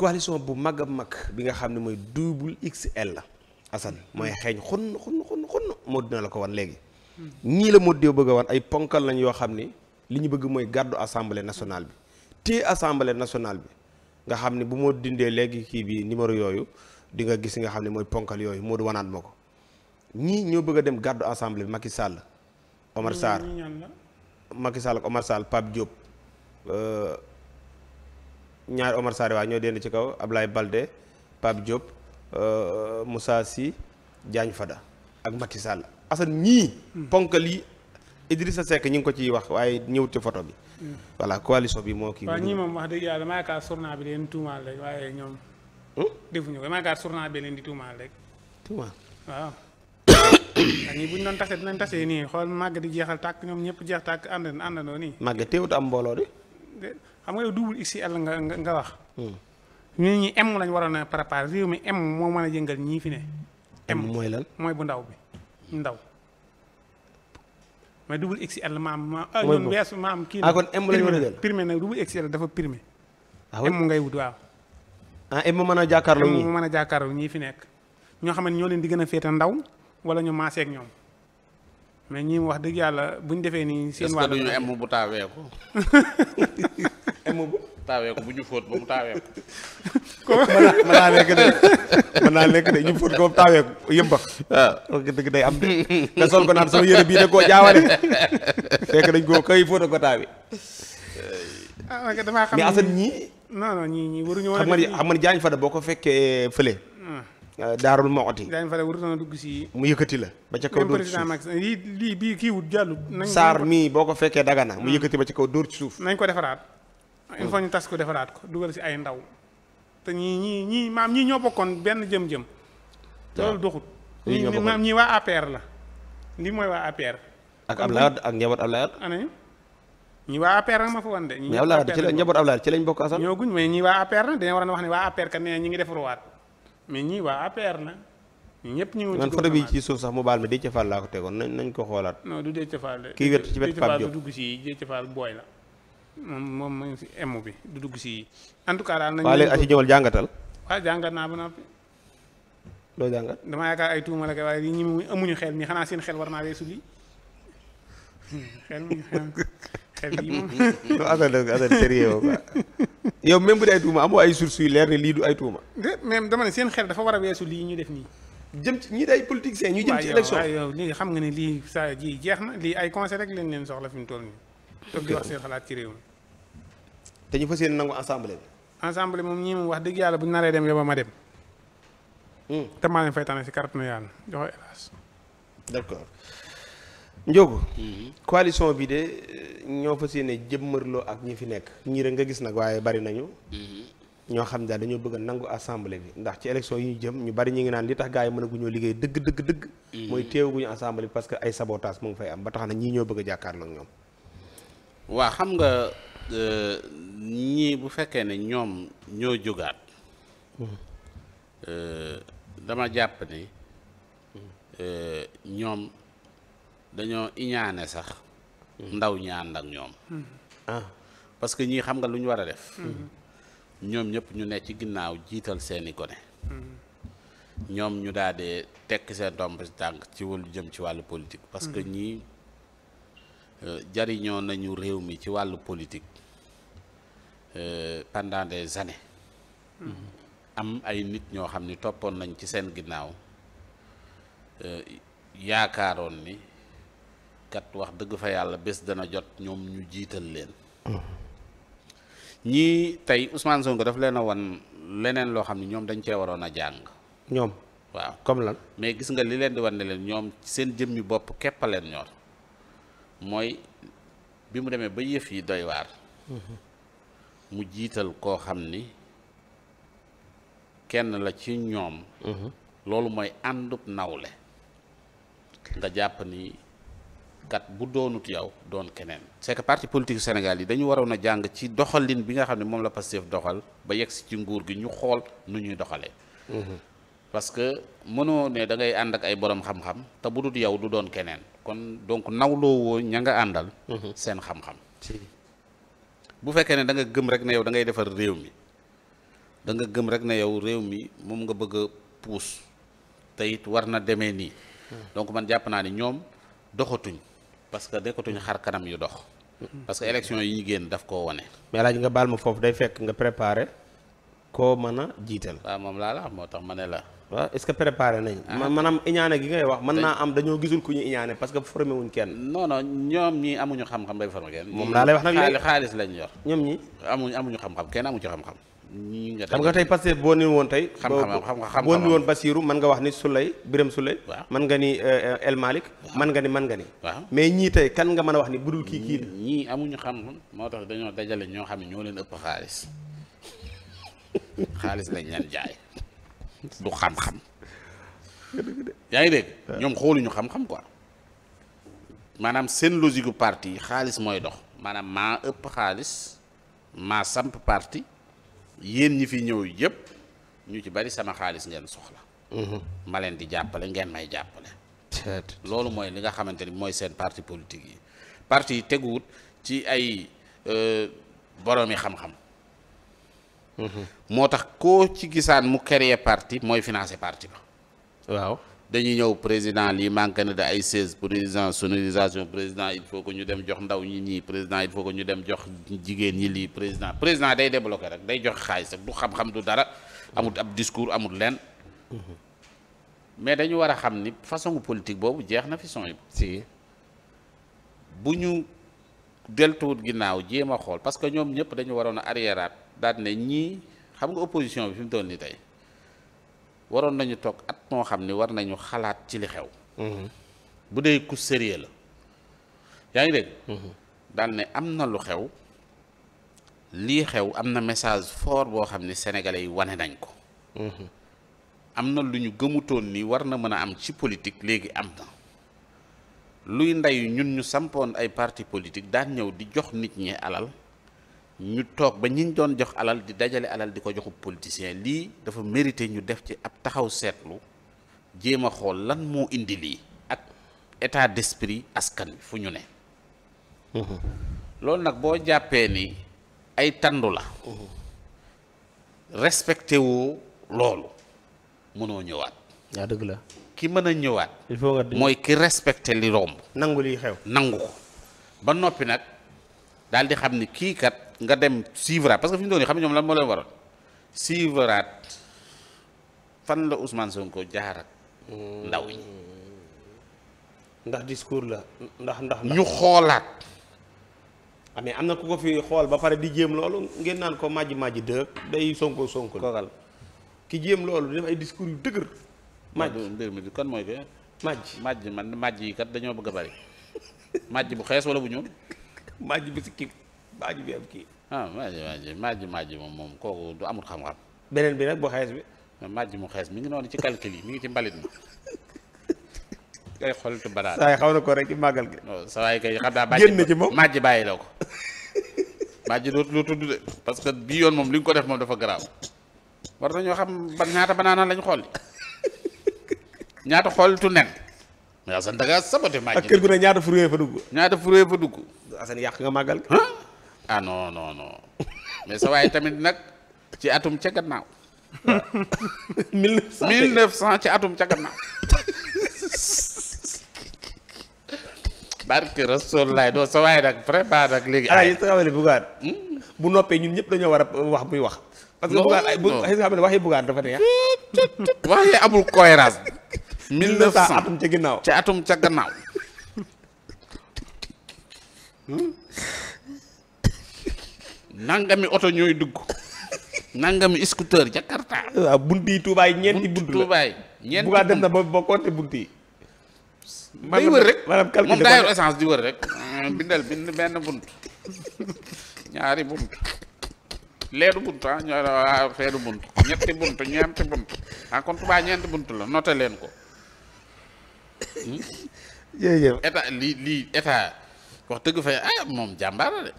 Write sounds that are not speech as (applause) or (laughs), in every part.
coalition bu mag a mag bi nga xam ne mooy double XL la Assane mooy xeeñ xunn xunn xunn xunn moo dina la ko wan léegi ñii la moo dee bëgg a wan ay ponkal lañ yoo xam ni li ñu bëgg mooy gàddu assemblée nationale bi téye assemblée nationale bi nga xam ne bu moo dindee léegi kii bi numéro yooyu di nga gis nga xam ne mooy ponkal yooyu moo du wanaat ma ko ñii ñoo bëgg a dem gàddu assemblée bi Macky Sall Omar Sarr Macky Sall ñaari Omar Sarr waa ñoo dend ci kaw ab Ablaye Balde Pape Diop euh, Moussa Sy Diagne Fada ak Macky Sall Assane ñii. ponkal yi Idrissa Seck ñu ngi ko ciy wax waaye ñëw ci photo bi. voilà bi moo kii. ñii moom wax dëgg yàlla damaa yaakaar surna bi leen tuumaal rek waaye ñoom. defuñu ko damaa yaakaar surna bi leen di tuumaal rek. tuumaal waaw. ak ñi bu ñu doon tase dinañ tase nii xool màgg di jeexal tàkk ñoom ñëpp jeex tàkk ànd àndandoo nii. màgg teewut am mbooloo de. xam nga yow double XL nga nga wax. ñun hmm. ñi M lañ waroon a préparer réew mi M moo mën a jëngal ñii fi ne. M mooy lan mooy bu ndaw bi ndaw. mais double XL maam ma ah ñun weesu maam. kii la ah, kon M lañ war a jël primé nag double XL dafa primé. ah M ngay wut waaw. ah M mën a jàkkaarloo ñii mën a jàkkaarloo ñii fi nekk. ñoo xam ne ñoo leen di gën a féete ndaw wala ñu maasee ak ñoom. mais ñi wax dëgg yàlla bu ñu defee nii. seen wàll est-ce taawee ko. em ko bu ñu fóot ba mu taawee ko. mën naa lekk de mën naa lekk de ñu fóot ko ba taawee ko yëmbax. Ah. waaw dëgg day am de. te sol ko naan sama yére bii da koo jaawale. fekk dañ koo kay fóot ko taawee. ah damaa xam mais ñii. ñii ñii waruñu woon xam nga ni Diagne Fada boo ko fekkee fële. Euh, daarul moxoti mu yëkkati la ba ca kaw dóor ci suuf saar mii boo ko fekkee dagana mu hmm. yëkkati ba ca kaw dóor ci suuf nañ ko defaraat il faut ñu tas ko defaraat ko dugal si ay ndaw te ñii ñii maam ñi ñoo bokkoon benn jëm-jëm loolu doxut ñii maam ñii waa la lii mooy waa APR ak Ablaye Wade ak njaboot Ablaye Wade anañu ñi waa APR nag ñoo guñ mais ñi waa APR nag dañoo war a wax ne waa APR kat nee ñi ngi defaruwaat mais ñii waa APR la ñëpp ñu ngi man photo bi ci suuf sax mu baal ma Déthié Fall laa ko tegoon nañ nañ ko xoolaat. non du Déthié Fall de. kii wet ci wet Pape Diop dugg booy la. moom moom mu ngi si emu bi du dugg si. en tout cas daal jàngatal. waaw naa ba noppi. loo damaa yaakaar ay tuuma la mu amuñu xel mi xanaa seen xel war naa weesu lii (laughs) xel mi xel yi moom. non Assane Assane sérieux quoi. (laughs) yow même bu dee ay tuuma amoo ay sources yu leer ne lii du ay tuuma. de même dama ne seen xel dafa war a weesu lii ñu def nii. jëm ci ñii day politiciens ñu jëm ci élection waaw yow lii xam nga ne lii saa ji jeex na lii ay conseil rek lañ leen soxla fi tool toll nii. toog di wax seen xalaat ci réew mi. te ñu fas yéene nangu assemblée bi. assemblée moom ñii moom wax dëgg yàlla bu ñu naree dem yow ma dem. Hmm. te maa leen fay tànn si carte na yàlla joxe hélas. Ndiogou. Mhm. coalition bi de euh, ñoo fa fas yéene jëmmërloo ak ñi fi nekk. ñii rek nga gis nag waaye bari nañu. Mhm. ñoo xam daal dañoo bëgg a nangu assemblée bi ndax ci élection yi ñu jëm ñu bari ñu ngi naan li tax gars yi mën a guñoo liggéey dëgg dëgg dëgg. Mhm. mooy teewaguñu assemblée bi parce que ay sabotage mu ngi fay am ba tax na ñii ñoo bëgg a jàkkaarloo waa xam nga euh, ñii bu fekkee ne ñoom ñoo jógaat. Euh, dama ñoom. dañoo iñaane sax mm-hmm. ndaw ñi ak ñoom mm-hmm. ah parce que ñii xam nga lu ñu war a def mm-hmm. ñoom ñëpp ñu ne ci ginnaaw jiital seeni gone ñoom ñu daal di tekk seen tomb ci tànk ci wàllu jëm ci wàllu politique parce que ñii euh, jariñoo nañu réew mi ci wàllu politique euh, pendant des années am ay nit ñoo xam ni toppoon nañ ci seen ginnaaw euh, yaakaaroon ni kat wax dëgg fa yàlla bés dana jot ñoom ñu jiital leen hmm. ñii tey Ousmane Sonko daf leen a wan leneen loo xam ne ñoom dañ cee waroon a jàng ñoom waaw comme lan mais gis nga li leen di wan ne leen ñoom seen jëmmi bopp képp leen ñor mooy bi mu demee ba yëf yi doy waar hmm. mu jiital koo xam ni kenn la ci ñoom hmm. loolu mooy àndub nawle nga jàpp ni kat bu doonut yow doon keneen c'est que parti politique Sénégal yi dañu waroon a jàng ci doxalin bi nga xam ne moom la Pastef doxal ba yegg ci nguur gi ñu xool nu ñuy doxalee mhm. parce que mënoo ne da ngay ànd ak ay borom xam-xam te bu dut yow du doon keneen kon donc nawloo woo ña nga àndal mhm. seen xam-xam bu fekkee ne da nga gëm rek na yow da ngay defar réew mi da nga gëm rek na yow réew mi moom nga bëgg a puus te war na demee nii mhm. donc man jàpp naa ni ñoom doxatuñ parce que nekkatuñu xar kanam yu dox. parce que élection yi ñu génn daf koo wane. mais laaj nga baal ma foofu day fekk nga préparé koo mën a jiital. waaw ah, moom laa la moo tax ma ne la. waaw est-ce que préparé nañ ah. maanaam iñaane gi ngay wax mën naa am dañoo gisul ku ñu iñaane parce que formé wuñ kenn non non ñoom ñi amuñu xam-xam bay moom laa lay wax nag léegi xaalis lañ yor ñoom ñi amuñu amuñu xam-xam kenn amu ci xam-xam ñii nga xam nga tey Pastef boo ni woon tey xam-xam boo ni woon Basiru mën nga wax ni Souley Biram Souley waaw mën nga ni euh, El Malick mën nga ni mën nga ni waaw mais ñii tey kan nga mën a wax ni bu dul kii kii ñii amuñu xam-xam moo tax dañoo dajale ñoo xam ne ñoo leen ëpp (laughs) lañ leen jaay du xam-xam yaa ngi dégg ñoom xooluñu xam-xam quoi maanaam seen logique bu parti xaalis mooy dox maanaam maa ëpp xaalis maa samp parti yéen ñi fi ñëw yëpp ñu ci bari sama xaalis ngeen soxla. Mhm. ma leen di jàppale ngeen may jàppale. loolu mooy li nga xamante ni mooy seen parti politique yi parti yi teguwut ci ay euh, boromi xam-xam. Mhm. moo tax koo ci gisaan mu créer parti mooy financer parti ba waaw. dañuy ñëw président lii manqué na de ay seize président sonorisation président il faut que ñu dem jox ndaw ñi ñii président il faut que ñu dem jox jigéen ñi lii président président day débloqué rek day jox xaalis rek du xam-xam du dara amut ab discours amut lenn mais dañu war a xam ni façon politique boobu jeex na fi son yi si bu ñu deltuwut ginnaaw jéem a xool parce que ñoom ñëpp dañu waroon a arriéraat daal ne ñii xam nga opposition bi fi mu toll nii tey waroon nañu toog at moo xam ni war nañu xalaat ci li xew. Mm-hmm. bu dee ku sérieux la yaa ngi dégg. Mm-hmm. daal ne am na lu xew lii xew am na message fort boo xam ni sénégalais yi wane nañ ko. Mm-hmm. am na lu ñu gëmutoon ni war na mën a am ci politique léegi am na luy ndey ñun ñu sampoon ay parti politique daan ñëw di jox nit ñi alal. ñu toog ba ñiñ doon jox alal di dajale alal di ko joxu politicien lii dafa mérité ñu def ci ab taxaw seetlu jéem a xool lan moo indi lii ak état d'esprit askan fu ñu ne mm-hmm. loolu nag boo jàppee ni ay tandu la mm-hmm. respecté woo loolu mënoo ñëwaat yaa la ki mën a ñëwaat il faut mooy ki respecté li romb nangu liy xew nangu ko ba noppi nag daal di xam ni kii kat nga dem suivraat parce que fi ñu doon xam ne ñoom lan moo leen waral suivraat fan la Ousmane sonkoo jaar ak hmm. ndaw ñi. ndax discours la ndax ndax. ñu xoolaat. ah mais am na ku ko fi xool ba pare di jéem loolu ngeen naan ko màjji màjji dëkk day Sonko Sonko. koogal ki jéem loolu di def ay discours yu dëgër. màjj mbir mi kon mooy que. màjj màjj man màjj yi kat dañoo bëgg a bari màjj bu xees wala bu ñuul. màjj bu sikkim maaji bi am kii. ah maaji maaji maaji maaji moom moom kooku du amul xam-xam. beneen bi nag xees mu xees mi ngi noonu ci calcul yi mi ngi ci mbalit mi. ngay xool xaw na ko rek ci màggal gi. saa waay kay bàyyi la ko. maaji dootu loo tudd que bii yoon moom li ko def moom dafa garaaw. war nañoo xam ñaata banaana lañ xool ñaata xool tu nen. mais Assane da ngaa saboté maaji. ñaata fruit fa dugg. ñaata fruit fa dugg. Assane yàq nga màggal. ah non non non mais sa tamit nag ci atum ca gannaaw. (laughs) mille neuf cent ci atum ca gannaaw. barke Rasulullaay doo léegi. Hmm? bu noppee ñun ñëpp dañoo war a wax muy wax. parce que bugaan amul cohérence. (laughs) mille neuf cent ci atum ca gannaaw. Hmm? mi oto ñooy dugg nangami scooter Jakarta. waaw ah, bunti yi Touba yi ñeenti buntu la Touba yi dem na ba ba compter bunti yi. day wër rek maanaam moom daa wër rek. Ah, bindal bind benn bunt ñaari bunt leedu bunt ah ñoo waaw leedu ah, bunt ñetti bunt ñeenti bunt ah kon Touba ñeenti bunt la noté leen ko. Hmm? jërëjëf état lii lii état wax dëgg fa ah moom jàmbaar la de.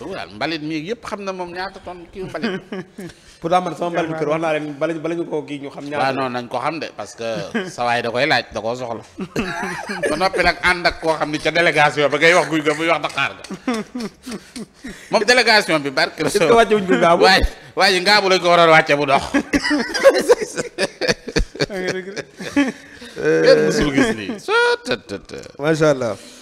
waaw mbalit mi yëpp xam na moom ñaata ton kii mbalit. (laughs) pourtant man sama mbalit kër wax naa leen bala bala kii ñu xam. ñaata waaw non nañ ko xam de parce que sa waay da koy laaj da koo soxla. (laughs) ba noppi nag ànd ak koo xam ni ca délégation ba ngay wax guy ga muy wax Dakar ga (laughs) moom délégation bi barke. est-ce que wàcce wuñ ko waaye ngaabu ko waroon wàcce bu dox. kenn gis lii. macha allah.